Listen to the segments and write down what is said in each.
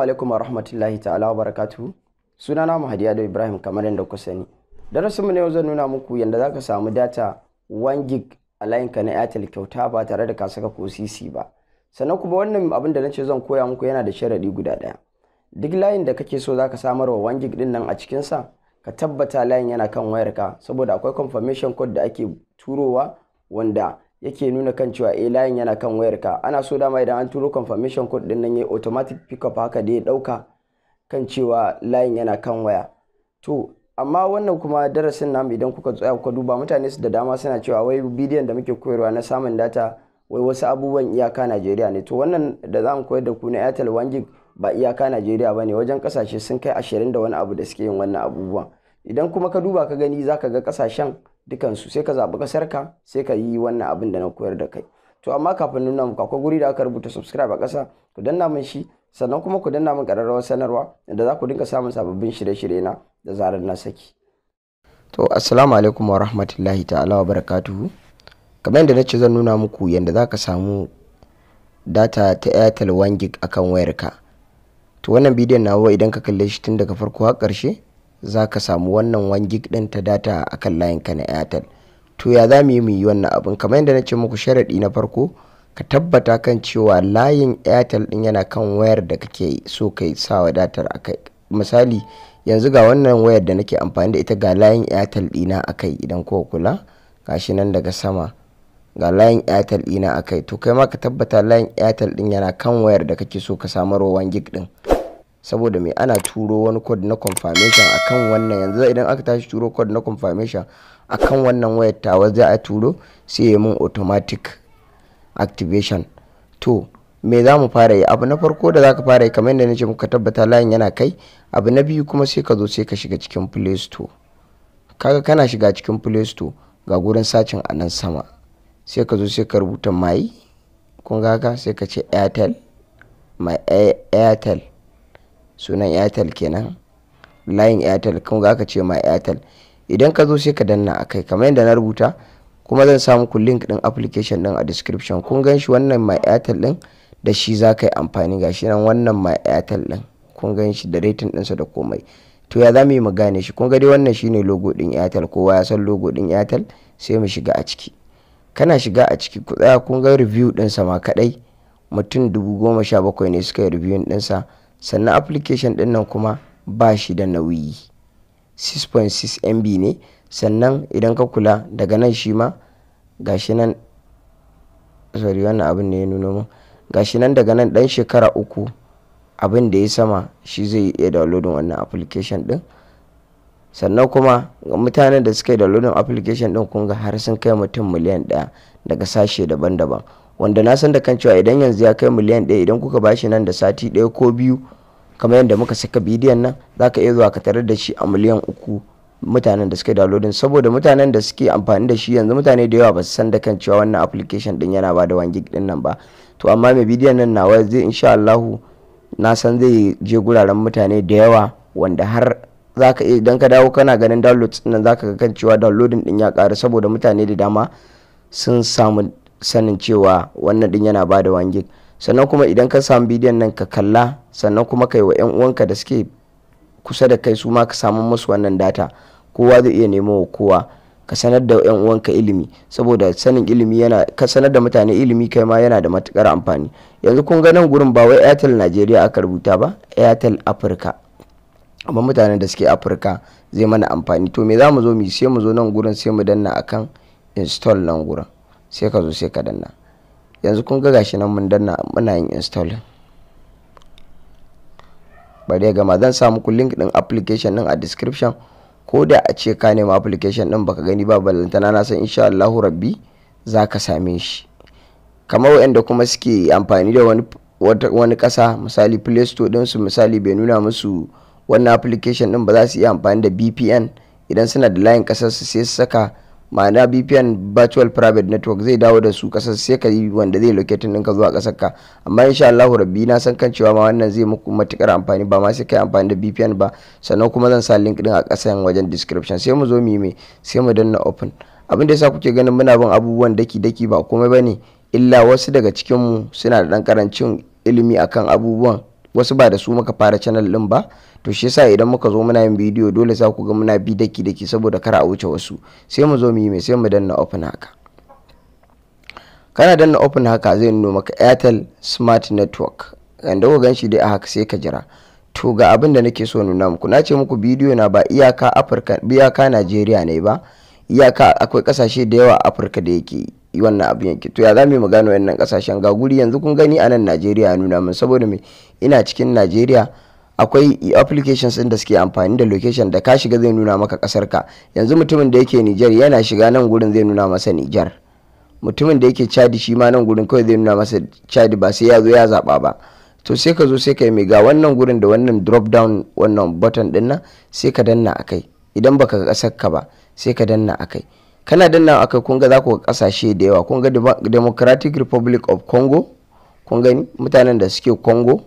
alaikum rahmatullahi ta'ala wa barakatuhu sunana Mahadi Ado Ibrahim kamar yadda ku sani darasin mu ne yau zan nuna muku yadda za ka samu data 1 gig a layin ka na Airtel kyauta ba tare da ka saka ko CC ba sannan kuma wannan abin da nace zan koya muku yana da sharadi guda daya duk layin da kake so zaka samar wa 1 gig din nan a cikin sa ka tabbata layin yana kan wayar ka saboda akwai confirmation code da ake turowa wanda yake nuna kan cewa eh layin yana kan wayarka ana so dama idan an turo confirmation code din nan yayi automatic pickup haka da ya dauka kan cewa layin yana kan waya to amma wannan kuma darasin namu idan kuka tsaya kuka duba mutane su da dama suna cewa wai bidiyon da muke koyarwa na samun data wai wasu abubuwan iyaka Najeriya ne to wannan da zamu koyar da ku na Airtel 1 gig ba iyaka Najeriya ne wajen kasashe sun kai ashirin da wani abu da suke yin wannan abubuwan idan kuma ka duba ka gani zaka ga kasashen dukansu sai ka zaɓi ƙasar ka sai ka yi wannan abin da na koyar da kai to amma kafin nuna muku akwai guri da aka rubuta subscribe a ƙasa ku danna min shi sannan kuma ku danna min ƙararrawar sanarwa da za ku dinga samun sababbin shirye-shirye na da zarar na saki to assalamu alaikum wa rahmatullahi ta'ala wa barakatuhu kamar yadda nace zan nuna muku yadda za ka samu data ta airtel 1 gig akan wayarka to wannan bidiyon nawa idan ka kalle shi tun daga farko har ƙarshe za ka samu wannan 1 gig ɗin ta data akan layin ka na airtel to ya za mu yi mu yi wannan abin kamar yadda na ce muku sharaɗi na farko ka tabbata kan cewa layin airtel ɗin yana kan wayar da kake so kai sawa datar a kai misali yanzu ga wannan wayar da nake amfani da ita ga layin airtel ɗina a kai idan ko kula gashi nan daga sama ga layin airtel ɗina a kai to kai ma ka tabbata layin airtel ɗin yana kan wayar da kake so ka samu 1 gig ɗin saboda mai ana turo wani kod na confirmation akan wannan yanzu idan aka tashi turo code na confirmation akan wannan wayar tawa za a turo sai ya mun automatic activation to me za mu fara yi abu na farko da za ka fara yi kamar yadda nace muka tabbata layin yana kai abu na biyu kuma sai ka zo sai ka shiga cikin play store kaga kana shiga cikin play store ga gurin sacin a nan sama sai ka zo sai ka rubuta mai kun ga sai ka ce airtel my airtel sunan airtel kenan layin airtel kuma za ka ce ma airtel idan ka zo sai ka danna a kai kamar yadda na rubuta kuma zan samu ku link din application din a description kun gan shi wannan my airtel din da shi za ka yi amfani ga shi nan wannan my airtel din kun gan shi da rating sa da komai to ya za mu yi mu gane shi kun ga dai wannan shine logo din airtel kowa ya san logo din airtel sai mu shiga a ciki kana shiga a ciki ku tsaya kun ga review ɗinsa ma kadai mutum dubu goma sha bakwai ne suka yi review sa. sannan application din nan kuma ba shi da nauyi 6.6 MB ne sannan idan ka kula daga nan shi ma gashi nan sorry wannan abin ne ya nuno mun gashi nan daga nan dan shekara uku abin da ya sama shi zai iya downloading wannan application din sannan kuma mutanen da suka yi downloading application din kun ga har sun kai mutum miliyan ɗaya daga sashe daban-daban wanda na san da kan cewa idan yanzu ya kai miliyan ɗaya idan kuka bashi nan da sati ɗaya ko biyu kamar yadda muka saka bidiyon nan za ka iya zuwa ka tarar da shi a miliyan uku mutanen da suka downloading saboda mutanen da suke amfani da shi yanzu mutane da yawa ba su san da kan cewa wannan application din yana ba da wan gig din nan ba to amma mai bidiyon nan nawa zai insha Allah na san zai je guraren mutane da yawa wanda har zaka iya idan ka dawo kana ganin downloads din nan zaka ga kan cewa downloading din ya karu saboda mutane da dama sun samu sanin cewa wannan din yana bada da gig sannan kuma idan ka samu bidiyon nan ka kalla sannan kuma ka yi wa 'yan uwanka da suke kusa da kai su ma ka samu musu wannan data kowa zai iya nemo wa kowa ka sanar da 'yan uwanka ilimi saboda sanin ilimi yana ka sanar da mutane ilimi kai ma yana da matukar amfani yanzu kun ga nan gurin ba wai airtel nigeria aka rubuta ba airtel afirka amma mutanen da suke afirka zai mana amfani to me za mu zo mu sai mu zo nan gurin sai mu danna akan install nan gurin sai ka zo sai ka danna yanzu kun ga gashi nan mun danna muna yin installing bari ya gama zan samu ku link din application din a description ko da a ce ka nema application din baka gani ba balantana na san insha Allah rabbi za ka same shi kamar waɗanda kuma suke amfani da wani wani kasa misali play store din su misali bai nuna musu wannan application din ba za su iya amfani da VPN idan suna da layin kasar su sai su saka ma'ana bpn virtual private network zai dawo da su kasar sai ka yi wanda zai locating ɗinka zuwa kasar ka amma insha Allahu rabbi na san kan cewa ma wannan zai muku matukar amfani ba ma sai kai amfani da bpn ba sannan kuma zan sa link din a kasan wajen description sai mu zo mu yi sai mu danna open abin da yasa kuke ganin muna bin abubuwan daki daki ba komai bane illa wasu daga cikin mu suna da dan karancin ilimi akan abubuwan wasu ba da su muka fara channel din ba to shi yasa idan muka zo muna yin bidiyo dole za ku ga muna bi daki daki saboda kar a wuce wasu sai mu zo mu yi mai sai mu danna open haka kana danna open haka zai nuno maka airtel smart network yanda ku gan shi dai a haka sai ka jira to ga abin da nake so nuna muku nace ce muku bidiyo na ba iyaka afirka iyaka najeriya ne ba iyaka akwai kasashe da yawa afirka da yake wannan abin yake to ya za mu magana wannan kasashen ga guri yanzu kun gani a nan Najeriya nuna min saboda me ina cikin Najeriya akwai applications din da suke amfani da location da ka shiga zai nuna maka kasar ka yanzu mutumin da yake Niger yana shiga nan gurin zai nuna masa Niger mutumin da yake Chad shi ma nan gurin kawai zai nuna masa Chad ba sai ya zo ya zaba ba to sai ka zo sai ka yi mai ga wannan gurin da wannan drop down wannan button din nan sai ka danna akai idan baka ga kasar ka ba sai ka danna akai kana nan aka kun ga za ku kasashe da yawa kunga ga democratic republic of congo kun gani mutanen da suke congo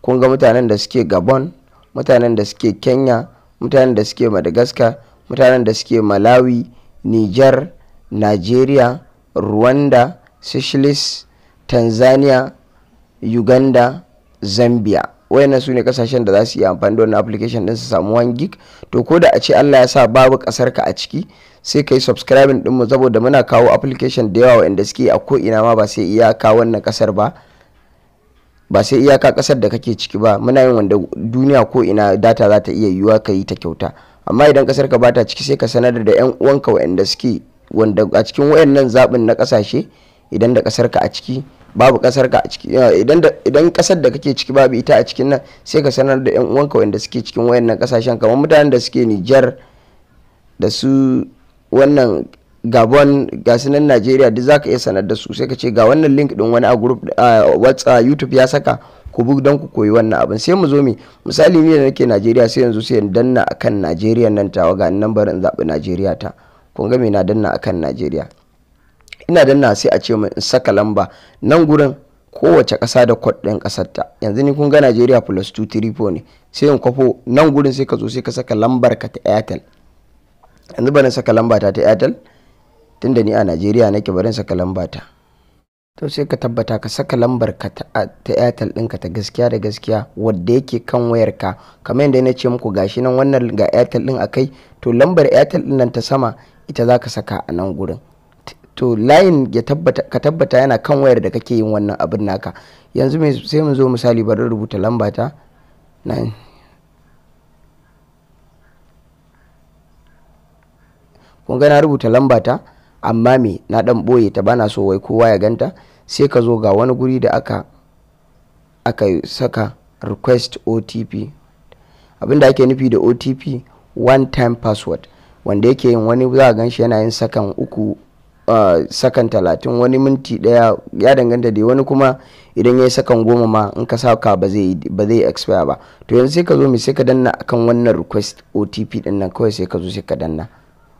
kunga mutanen da suke gabon mutanen da suke kenya mutanen da suke madagascar mutanen da suke malawi niger nigeria rwanda seychelles tanzania uganda zambia wayannan su ne kasashen da za su yi amfani da wannan application din su samu 1 gig to ko da a ce Allah ya sa babu kasar ka a ciki sai kai subscribing din mu saboda muna kawo application da yawa wanda suke a ko ina ma ba sai iyaka wannan kasar ba ba sai iyaka kasar da kake ciki ba muna yin wanda duniya ko ina data za ta iya yiwuwa ka yi ta kyauta amma idan kasar ka bata ciki sai ka sanar da yan uwanka wanda suke wanda a cikin wayannan zabin na kasashe idan da kasar ka a ciki babu kasar ka a ciki idan kasar da kake ciki babu ita a cikin nan sai ka sanar da yan uwanka wanda suke cikin wayannan kasashen kamar mutanen da suke Nijar da su wannan Gabon ga sunan Najeriya duk zaka iya sanar da su sai ka ce ga wannan link din wani a group WhatsApp YouTube ya saka ku bi don ku koyi wannan abin sai mu zo mi misali ni da nake Najeriya sai yanzu sai danna akan Najeriya nan tawa ga nan barin zabi Najeriya ta kun ga me na danna akan Najeriya ina danna sai a ce in saka lamba nan gurin kowace ƙasa da kod ƙasar ta yanzu ni kun ga Najeriya plus 234 ne sai in kwafo nan gurin sai ka zo sai ka saka lambar ka ta Airtel yanzu bari saka lamba ta ta Airtel tunda ni a Najeriya nake barin saka lamba ta to sai ka tabbata ka saka lambar ka ta airtel ɗinka ta gaskiya da gaskiya wadda yake kan wayarka kamar yadda na ce muku gashi nan wannan ga airtel ɗin akai to lambar airtel ɗin nan ta sama ita za ka saka a nan gurin to layin ka tabbata yana kan wayar da kake yin wannan abin naka yanzu sai mu zo misali bari rubuta lamba ta kun na rubuta lamba ta amma me na dan boye ta bana so wai kowa ya ganta sai ka zo ga wani guri da aka aka saka request otp abinda ake nufi da otp one time password wanda yake yin wani za a ganshi yana yin sakan uku sakan talatin wani minti daya ya danganta da wani kuma idan ya yi sakan goma ma in ka saka ba zai ba zai expire ba to yanzu sai ka zo mai sai ka danna akan wannan request otp din nan kawai sai ka zo sai ka danna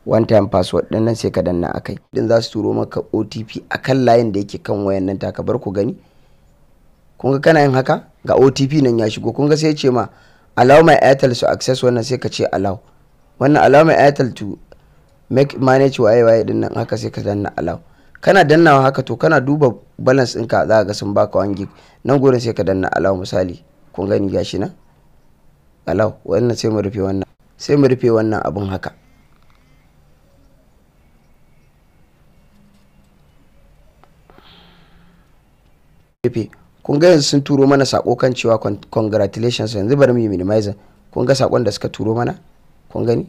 one time password din nan sai ka danna akai din za su turo maka otp akan layin da yake kan wayan nan taka bar ku gani kun ga kana yin haka ga otp nan ya shigo kun ga sai ya ce ma allow my airtel to access wannan sai ka ce allow wannan allow my airtel to make manage waye waye din nan haka sai ka danna allow kana dannawa haka to kana duba balance ɗinka za ga sun baka wan gig nan gurin sai ka danna allow misali kun gani gashi na allow wannan sai mu rufe wannan sai mu rufe wannan abun haka rufe kun ga yanzu sun turo mana sako kan cewa congratulations yanzu bari mu yi minimizer kun ga sakon da suka turo mana kun gani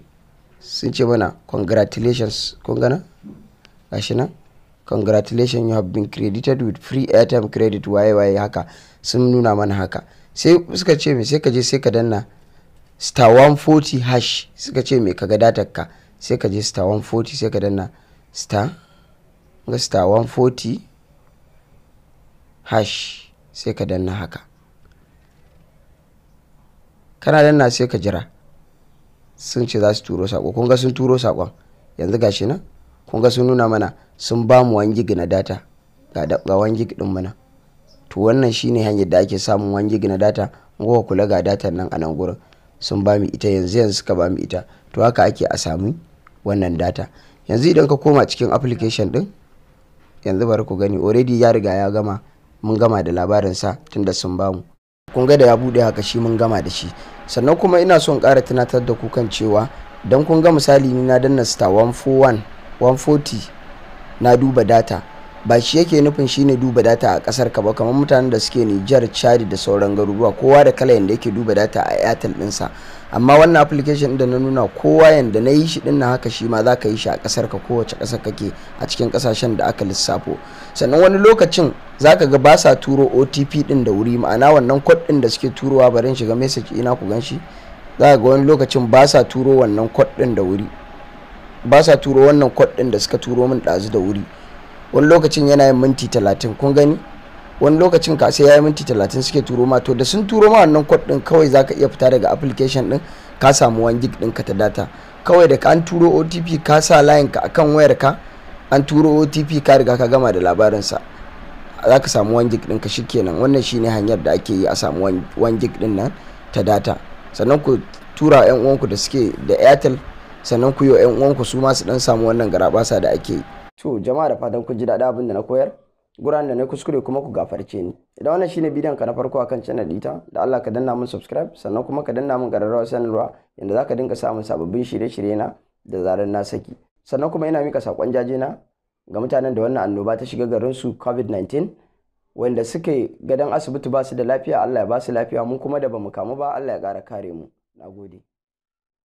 sun ce mana congratulations kun gana gashi nan congratulations you have been credited with free airtime credit waye waye haka sun nuna mana haka sai suka ce me sai ka je sai ka danna star 140 hash suka ce me kaga datar ka sai ka je star 140 sai ka danna star ga star 140 hash sai ka danna haka kana danna sai ka jira sun ce za su turo sako kun ga sun turo sakon yanzu ga shi nan kun ga sun nuna mana sun ba mu wani gig na data ga wani gig din mana to wannan shine hanyar da ake samun wani gig na data gowa kula ga data nan a nan gurin sun ba mu ita yanzu yanzu suka ba mu ita to haka ake a samu wannan data yanzu idan ka koma cikin application din yanzu bari ku gani already ya riga ya gama mun gama da labarin sa tunda sun bamu kun ga da ya bude haka shi mun gama da shi sannan kuma ina son ƙara tunatar da kukan cewa don kun ga misali ni na danna star 141 140 na duba data ba shi yake nufin shine duba data a ƙasar ka ba kamar mutanen da suke Nijar Chad da sauran garuruwa kowa da kala yanda yake duba data a Airtel ɗinsa amma wannan application da na nuna kowa yanda na yi shi din na haka shi ma za ka yi shi a kasar ka kowace kasar kake a cikin kasashen da aka lissafo sannan wani lokacin za ka ga ba sa turo otp din da wuri ma'ana wannan kod din da suke turowa barin shiga message ina ku ganshi za ka ga wani lokacin ba sa turo wannan kod din da wuri ba sa turo wannan kod din da suka turo min ɗazu da wuri wani lokacin yana yin minti talatin kun gani wani lokacin ka sai ya yi minti talatin suke turo ma to da sun turo ma wannan kwad din kawai za ka iya fita daga application din ka samu wani gig din ka ta data kawai da an turo otp ka sa layin ka akan wayar ka an turo otp ka riga ka gama da labarinsa za ka samu wani gig din ka shikenan wannan shine hanyar da ake yi a samu wani gig din nan ta data sannan ku tura yan uwanku da suke da airtel sannan ku yi yan uwanku su ma su dan samu wannan garabasa da ake yi to jama'a da fatan kun ji daɗin abin da na koyar guran da na kuskure kuma ku gafarce ni idan wannan shine bidiyon ka na farko akan channel dita da Allah ka danna mun subscribe sannan kuma ka danna mun kararrawar sanarwa yanda zaka dinka samun sababbin shirye-shirye na da zarar na saki sannan kuma ina mika sakon jaje na ga mutanen da wannan annoba ta shiga garin su covid-19 wanda suke gadon asibiti ba su da lafiya Allah ya ba su lafiya mun kuma da bamu kamu ba Allah ya kara kare mu nagode